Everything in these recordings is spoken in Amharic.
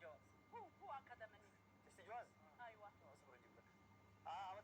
تستجواز هو هو أكد مني تستجواز؟ أيوه. اصبر أجيب لك. آه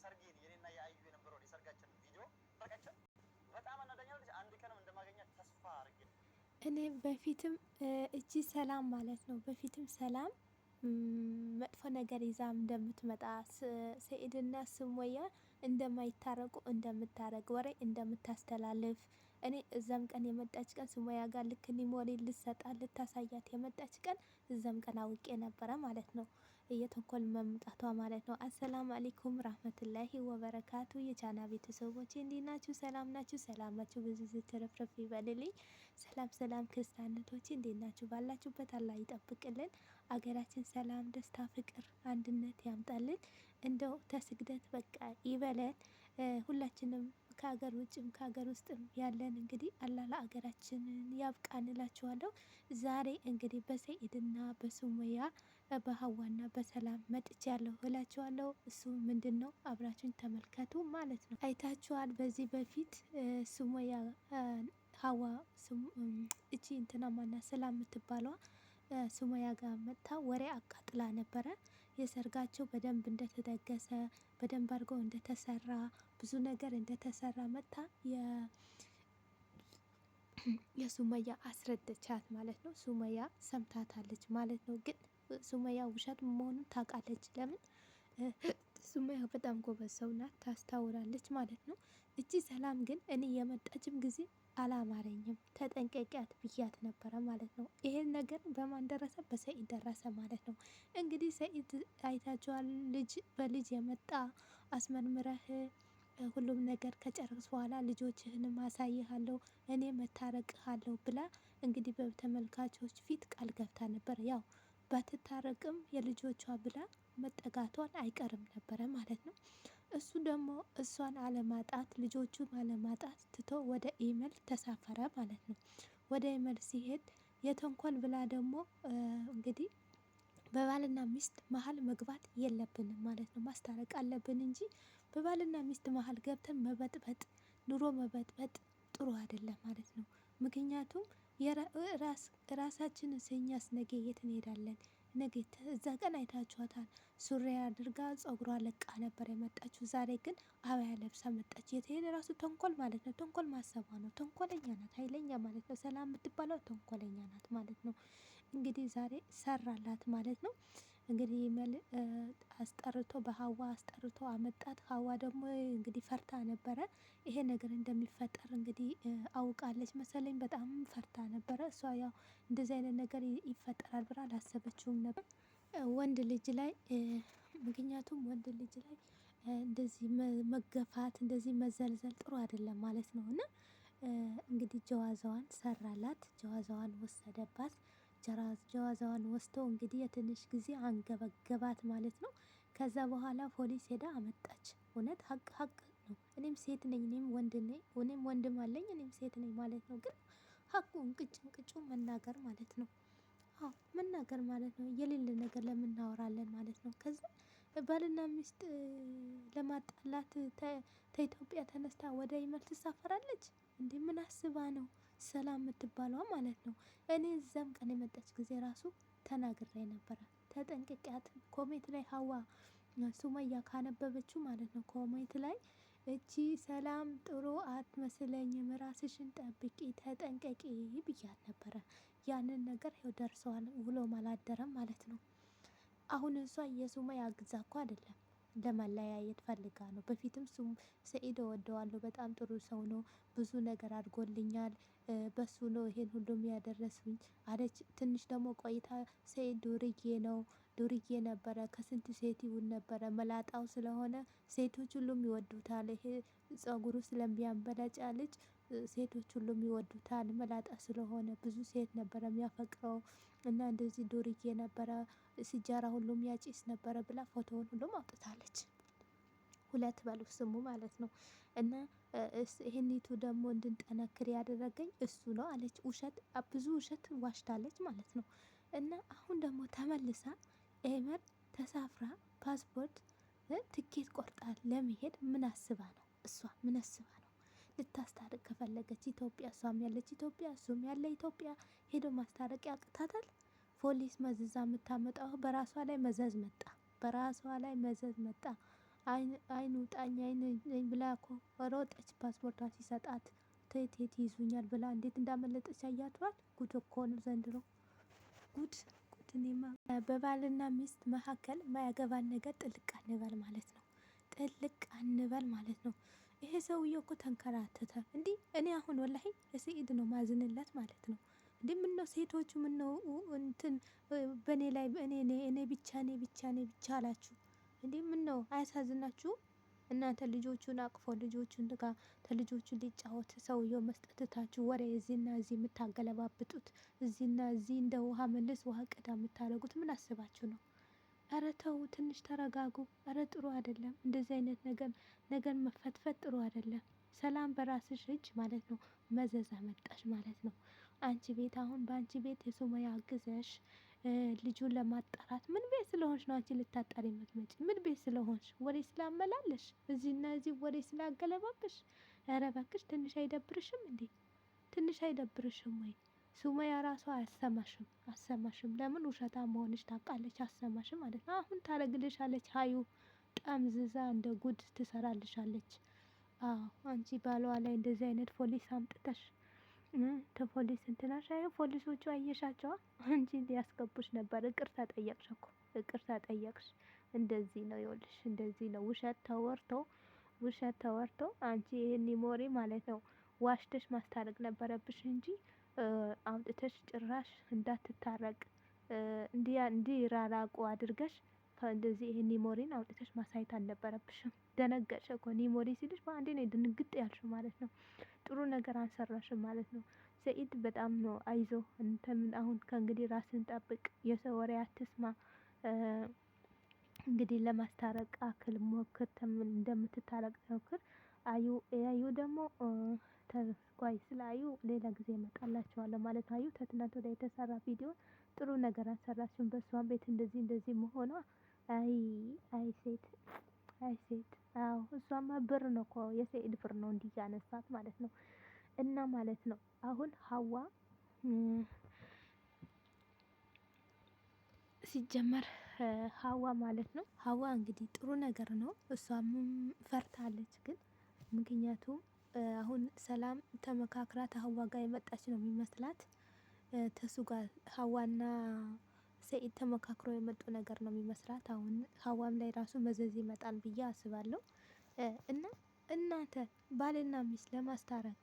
የሰርጌን የኔና የአዩ የነበረውን የሰርጋችን ቪዲዮ በቀጭን በጣም አናዳኛለች። አንድ ቀንም እንደማገኛት ተስፋ አርጌ እኔ በፊትም እጅ ሰላም ማለት ነው። በፊትም ሰላም መጥፎ ነገር ይዛ እንደምትመጣ ሰኢድና ስሞያ እንደማይታረቁ እንደምታረግ ወሬ እንደምታስተላልፍ እኔ እዛም ቀን የመጣች ቀን ስሞያ ጋር ልክ ኒሞሪ ልሰጣ ልታሳያት የመጣች ቀን እዛም ቀን አውቄ ነበረ ማለት ነው። የተንኮል መምጣቷ ማለት ነው። አሰላም አለይኩም ራህመቱላሂ ወበረካቱ የቻና ቤተሰቦች እንዴት ናችሁ? ሰላም ናችሁ? ሰላማችሁ ብዙ ትርፍርፍ ይበልልኝ። ሰላም ሰላም ክርስቲያኖቶች እንዴት ናችሁ? ባላችሁበት አላህ ይጠብቅልን። አገራችን ሰላም፣ ደስታ፣ ፍቅር፣ አንድነት ያምጣልን። እንደው ተስግደት በቃ ይበለን ሁላችንም ከሀገር ውጭም ከሀገር ውስጥም ያለን እንግዲህ አላህ ለሀገራችንን ያብቃን እላችኋለሁ። ዛሬ እንግዲህ በሰኢድና በሱሙያ በሀዋና በሰላም መጥቼ ያለሁ እላችኋለሁ። እሱ ምንድን ነው አብራችን ተመልከቱ ማለት ነው። አይታችኋል። በዚህ በፊት ሱሙያ ሀዋ እቺ እንትና ማና ሰላም የምትባለዋ ሱሙያ ጋር መጥታ ወሬ አቃጥላ ነበረ። የሰርጋቸው በደንብ እንደተደገሰ በደንብ አድርገው እንደተሰራ ብዙ ነገር እንደተሰራ መታ የሱመያ አስረደቻት ማለት ነው። ሱመያ ሰምታታለች ማለት ነው። ግን ሱመያ ውሸት መሆኑን ታውቃለች። ለምን ሱመያ በጣም ጎበዝ ሰው ናት፣ ታስታውራለች ማለት ነው። እቺ ሰላም ግን እኔ የመጣችም ጊዜ አላማረኝም ተጠንቀቂያት ብያት ነበረ ማለት ነው። ይሄን ነገር በማን ደረሰ? በሰኢድ ደረሰ ማለት ነው። እንግዲህ ሰኢድ አይታችኋል። ልጅ በልጅ የመጣ አስመርምረህ ሁሉም ነገር ከጨረስ በኋላ ልጆችህንም አሳይሃለሁ እኔ መታረቅሃለሁ ብላ እንግዲህ በተመልካቾች ፊት ቃል ገብታ ነበር። ያው ባትታረቅም የልጆቿ ብላ መጠጋቷን አይቀርም ነበረ ማለት ነው። እሱ ደግሞ እሷን አለማጣት ልጆቹን አለማጣት ትቶ ወደ ኢሜል ተሳፈረ ማለት ነው። ወደ ኢመል ሲሄድ የተንኮል ብላ ደግሞ እንግዲህ በባልና ሚስት መሀል መግባት የለብንም ማለት ነው። ማስታረቅ አለብን እንጂ በባልና ሚስት መሀል ገብተን መበጥበጥ ኑሮ መበጥበጥ ጥሩ አይደለም ማለት ነው። ምክንያቱም ራሳችንን ስናስነገ የት እንሄዳለን? ነጌት እዛ ቀን አይታችኋታል። ሱሪ አድርጋ ጸጉሯ ለቃ ነበር የመጣችው። ዛሬ ግን አበያ ለብሳ መጣች። የትሄን ራሱ ተንኮል ማለት ነው። ተንኮል ማሰቧ ነው። ተንኮለኛ ናት፣ ኃይለኛ ማለት ነው። ሰላም የምትባለው ተንኮለኛ ናት ማለት ነው። እንግዲህ ዛሬ ሰራላት ማለት ነው። እንግዲህ መል አስጠርቶ በሀዋ አስጠርቶ አመጣት። ሀዋ ደግሞ እንግዲህ ፈርታ ነበረ። ይሄ ነገር እንደሚፈጠር እንግዲህ አውቃለች መሰለኝ በጣም ፈርታ ነበረ። እሷ ያው እንደዚህ አይነት ነገር ይፈጠራል ብላ አላሰበችውም ነበር። ወንድ ልጅ ላይ ምክንያቱም ወንድ ልጅ ላይ እንደዚህ መገፋት እንደዚህ መዘልዘል ጥሩ አይደለም ማለት ነው። እና እንግዲህ ጀዋዛዋን ሰራላት ጀዋዛዋን ወሰደባት ጀዋዛዋን ወስቶ እንግዲህ የትንሽ ጊዜ አንገበገባት ማለት ነው። ከዛ በኋላ ፖሊስ ሄዳ አመጣች። እውነት ሀቅ ሀቅ ነው። እኔም ሴት ነኝ፣ እኔም ወንድ ነኝ፣ እኔም ወንድም አለኝ፣ እኔም ሴት ነኝ ማለት ነው። ግን ሀቁ እንቅጭ እንቅጩ መናገር ማለት ነው። አዎ መናገር ማለት ነው። የሌለ ነገር ለምናወራለን ማለት ነው። ከዛ ባልና ሚስት ለማጣላት ከኢትዮጵያ ተነስታ ወደ የመን ትሳፈራለች። እንዲህ ምን አስባ ነው? ሰላም የምትባለዋ ማለት ነው። እኔ እዛም ቀን የመጣች ጊዜ ራሱ ተናግሬ ነበረ። ተጠንቅቂያት ኮሜት ላይ ሀዋ ሱመያ ካነበበችው ማለት ነው ኮሜት ላይ እቺ ሰላም ጥሩ አትመስለኝም፣ ራስሽን ጠብቂ፣ ተጠንቀቂ ብያት ነበረ። ያንን ነገር ይኸው ደርሰዋል። ውሎም አላደረም ማለት ነው። አሁን እሷ የሱመያ ግዛ እኮ አይደለም ለመለያየት ፈልጋ ነው። በፊትም እሱም ሰኢድ እወደዋለሁ በጣም ጥሩ ሰው ነው ብዙ ነገር አድርጎልኛል በሱ ነው ይሄን ሁሉም ያደረስኩኝ አለች። ትንሽ ደግሞ ቆይታ ሰኢድ ዱርዬ ነው ዱርዬ ነበረ ከስንት ሴት ይሁን ነበረ መላጣው ስለሆነ ሴቶች ሁሉም ይወዱታል ይሄ ፀጉሩ ስለሚያንበለጫልጭ ሴቶች ሁሉም ይወዱታል። መላጣ ስለሆነ ብዙ ሴት ነበረ የሚያፈቅረው እና እንደዚህ ዱርዬ ነበረ ሲጃራ ሁሉም ያጭስ ነበረ ብላ ፎቶውን ሁሉም አውጥታለች። ሁለት በሉ ስሙ ማለት ነው። እና ይህኒቱ ደግሞ እንድንጠነክር ያደረገኝ እሱ ነው አለች። ውሸት ብዙ ውሸት ዋሽታለች ማለት ነው። እና አሁን ደግሞ ተመልሳ ኤመር ተሳፍራ ፓስፖርት ትኬት ቆርጣ ለመሄድ ምን አስባ ነው? እሷ ምን አስባ ነው? ልታስታርቅ ከፈለገች ኢትዮጵያ እሷም ያለች ኢትዮጵያ እሱም ያለ ኢትዮጵያ ሄዶ ማስታረቅ ያቅታታል። ፖሊስ መዝዛ የምታመጣው በራሷ ላይ መዘዝ መጣ። በራሷ ላይ መዘዝ መጣ። አይኑ ጣኝ አይን ብላ እኮ ሮጠች። ፓስፖርቷን ሲሰጣት ትቴት ይዙኛል ብላ እንዴት እንዳመለጠች አያቷል። ጉድ እኮ ነው ዘንድሮ ጉድ በባልና ሚስት መካከል ማያገባን ነገር ጥልቅ አንበል ማለት ነው። ጥልቅ አንበል ማለት ነው። ይሄ ሰውዬ እኮ ተንከራተተ እንዲህ። እኔ አሁን ወላሂ ለሰኢድ ነው ማዝንለት ማለት ነው። እንዲህ ምነው ሴቶቹ ምነው እንትን በእኔ ላይ እኔ እኔ ብቻ እኔ ብቻ እኔ ብቻ አላችሁ እንዲህ። ምነው አያሳዝናችሁ እናንተ ልጆቹን አቅፎ ልጆቹን ጋር ተልጆቹ ሊጫወት ሰውየው መስጠትታችሁ ወሬ እዚህና እዚህ የምታገለባብጡት እዚህና እዚህ እንደ ውሃ መልስ ውሃ ቅዳ የምታደርጉት ምን አስባችሁ ነው? ኧረ ተው ትንሽ ተረጋጉ፣ እረ ጥሩ አይደለም እንደዚህ አይነት ነገር ነገር መፈትፈት ጥሩ አይደለም። ሰላም በራስሽ እጅ ማለት ነው። መዘዝ አመጣሽ ማለት ነው። አንቺ ቤት አሁን በአንቺ ቤት የሱመያ አግዘሽ ልጁን ለማጣራት ምን ቤት ስለሆንሽ ነው አንቺ ልታጣሪ የምትመጪ? ምን ቤት ስለሆንሽ ወሬ ስላመላለሽ እዚህና እዚህ ወሬ ስላገለባብሽ፣ ኧረ እባክሽ ትንሽ አይደብርሽም እንዴ? ትንሽ አይደብርሽም ወይ? ሱመያ ራሷ አያሰማሽም አሰማሽም ለምን ውሸታ መሆንሽ ታውቃለች። አሰማሽም ማለት ነው። አሁን ታረግልሻለች። ሀዩ ጠምዝዛ እንደ ጉድ ትሰራልሻለች። አዎ አንቺ ባለዋ ላይ እንደዚህ አይነት ፖሊስ አምጥተሽ ተፖሊስ እንትናሽ አይ ፖሊሶቹ አየሻቸዋ አንቺ ሊያስገቡሽ ነበር። ይቅርታ ጠየቅሽ እኮ ይቅርታ ጠየቅሽ። እንደዚህ ነው ይኸውልሽ፣ እንደዚህ ነው ውሸት ተወርቶ ውሸት ተወርቶ አንቺ ይህን ይሞሪ ማለት ነው ዋሽተሽ ማስታረቅ ነበረብሽ እንጂ አምጥተሽ ጭራሽ እንዳትታረቅ እንዲያ እንዲራራቁ አድርገሽ እንደዚህ ይሄ ኒሞሪን አውጥተሽ ማሳየት አልነበረብሽም። ደነገጥሽ እኮ ኒሞሪ ሲልሽ በአንዴ ነው ድንግጥ ያልሽ ማለት ነው። ጥሩ ነገር አልሰራሽም ማለት ነው። ሰኢድ በጣም ነው አይዞ እንተምን አሁን ከእንግዲህ ራስን ጠብቅ፣ የሰው ወሬ አትስማ። እንግዲህ ለማስታረቅ አክል ሞክር፣ እንደምትታረቅ ሞክር። አዩ አዩ ደግሞ ተስኳይ ስለ አዩ ሌላ ጊዜ እመጣላችኋለሁ ማለት አዩ ከትናንት ወዲያ የተሰራ ቪዲዮ ጥሩ ነገር አልሰራችም። በእሷም ቤት እንደዚህ እንደዚህ መሆኗ አይ አይ ሴት አይ ሴት አዎ እሷማ ብር ነው እኮ የሰኢድ ብር ነው እንዲህ ያነሳት ማለት ነው። እና ማለት ነው አሁን ሀዋ ሲጀመር ሀዋ ማለት ነው ሀዋ እንግዲህ ጥሩ ነገር ነው። እሷም ፈርታለች ግን ምክንያቱም አሁን ሰላም ተመካክራ ከሀዋ ጋር የመጣች ነው የሚመስላት። ተሱ ጋር ሀዋና ሰኢድ ተመካክሮ የመጡ ነገር ነው የሚመስላት። አሁን ሀዋም ላይ ራሱ መዘዝ ይመጣል ብዬ አስባለሁ። እና እናንተ ባልና ሚስት ለማስታረቅ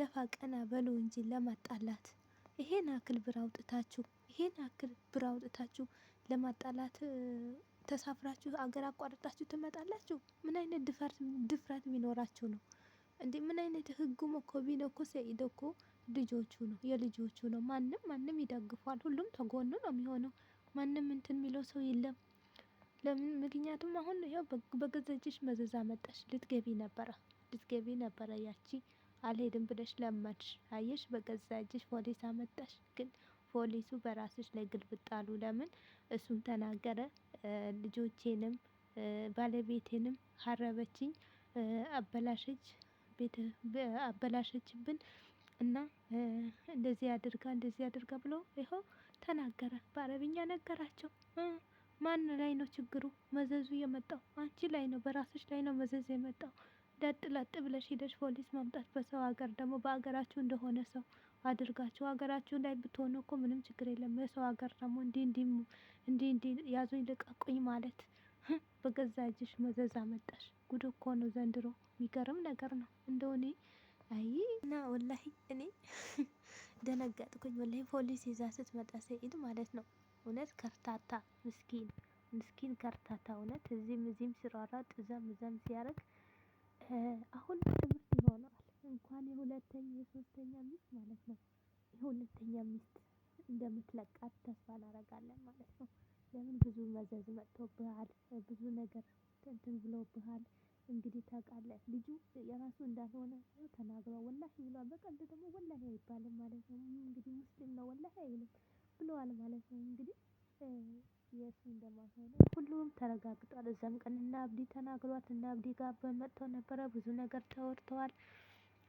ደፋ ቀና በሉ እንጂ ለማጣላት ይሄን አክል ብር አውጥታችሁ ይሄን አክል ብር አውጥታችሁ ለማጣላት ተሳፍራችሁ አገር አቋርጣችሁ ትመጣላችሁ። ምን አይነት ድፈርት ድፍረት ቢኖራችሁ ነው እንዴ? ምን አይነት ህጉም እኮ ቢል እኮ ሰኢድ እኮ ልጆቹ ነው የልጆቹ ነው። ማንም ማንም ይደግፏል። ሁሉም ተጎኑ ነው የሚሆነው። ማንም እንትን የሚለው ሰው የለም። ለምን? ምክንያቱም አሁን ይኸው በገዛ እጅሽ መዘዛ መጣሽ። ልትገቢ ነበረ ልትገቢ ነበረ ያቺ አልሄድም ብለሽ ለመድሽ። አየሽ፣ በገዛ እጅሽ ፖሊስ አመጣሽ ግን ፖሊሱ በራስሽ ላይ ግልብጥ አሉ። ለምን እሱም ተናገረ። ልጆቼንም ባለቤቴንም ሀረበችኝ፣ አበላሸች፣ ቤት አበላሸችብን እና እንደዚህ አድርጋ እንደዚህ አድርጋ ብሎ ይኸው ተናገረ። በአረብኛ ነገራቸው። ማን ላይ ነው ችግሩ? መዘዙ የመጣው አንቺ ላይ ነው፣ በራስሽ ላይ ነው መዘዙ የመጣው። ለጥ ለጥ ብለሽ ሂደሽ ፖሊስ መምጣት በሰው ሀገር ደግሞ በሀገራችሁ እንደሆነ ሰው አድርጋችሁ ሀገራችሁ ላይ ብትሆኑ እኮ ምንም ችግር የለም። በሰው ሀገር ደግሞ እንዲህ እንዲህ እንዲህ ያዙኝ ልቀቁኝ ማለት በገዛ እጅሽ መዘዝ አመጣሽ። ጉድ እኮ ነው ዘንድሮ። የሚገርም ነገር ነው እንደሆነ አይ እና ወላሂ እኔ ደነገጥኩኝ። ወላሂ ፖሊስ ይዛ ስትመጣ ሰኢድ ማለት ነው። እውነት ከርታታ ምስኪን ምስኪን ከርታታ እውነት እዚህም እዚህም ሲሯሯጥ እዛም እዛም ሲያደርግ አሁን ትምህርት ይሆነዋል እንኳን የሁለተኛ የሶስተኛ ሚስት ማለት ነው የሁለተኛ ሚስት እንደምትለቃት ተስፋ እናደርጋለን ማለት ነው። ለምን ብዙ መዘዝ መጥቶብሃል፣ ብዙ ነገር እንትን ብሎብሃል። እንግዲህ ታውቃለህ ልጁ የራሱ እንዳልሆነ ተናግሯል። ወላሂ ብሏል። በቀልድ ደግሞ ወላሂ አይባልም ማለት ነው። እንግዲህ ሙስሊም ነው ወላሂ አይልም ብለዋል ማለት ነው እንግዲህ የእሱ እንደማይሆኑ ሁሉም ተረጋግጧል። እዛም ቀን እና አብዲ ተናግሯት እና አብዲ ጋር በመጥተው ነበረ ብዙ ነገር ተወርተዋል።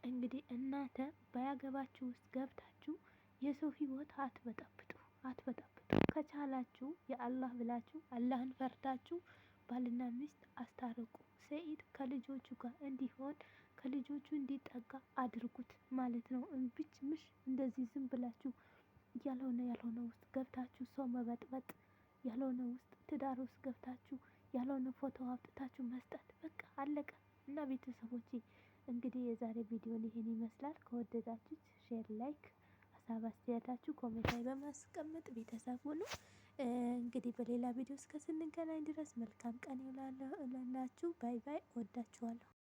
እንግዲህ እናንተ ባያገባችሁ ውስጥ ገብታችሁ የሰው ህይወት አትበጠብጡ አትበጠብጡ። ከቻላችሁ የአላህ ብላችሁ አላህን ፈርታችሁ ባልና ሚስት አስታርቁ። ሰኢድ ከልጆቹ ጋር እንዲሆን ከልጆቹ እንዲጠጋ አድርጉት ማለት ነው። እንብጭ ምሽ እንደዚህ ዝም ብላችሁ ያልሆነ ያልሆነ ውስጥ ገብታችሁ ሰው መበጥበጥ ያልሆነ ውስጥ ትዳር ውስጥ ገብታችሁ ያልሆነ ፎቶ አውጥታችሁ መስጠት በቃ አለቀ። እና ቤተሰቦቼ እንግዲህ የዛሬ ቪዲዮ ይህን ይመስላል። ከወደዳችሁት ሼር፣ ላይክ፣ ሀሳብ አስተያየታችሁ ኮሜንት ላይ በማስቀመጥ ቤተሰብ ሁኑ። እንግዲህ በሌላ ቪዲዮ እስከ ስንገናኝ ድረስ መልካም ቀን ይውላላችሁ። ባይ ባይ። ወዳችኋለሁ።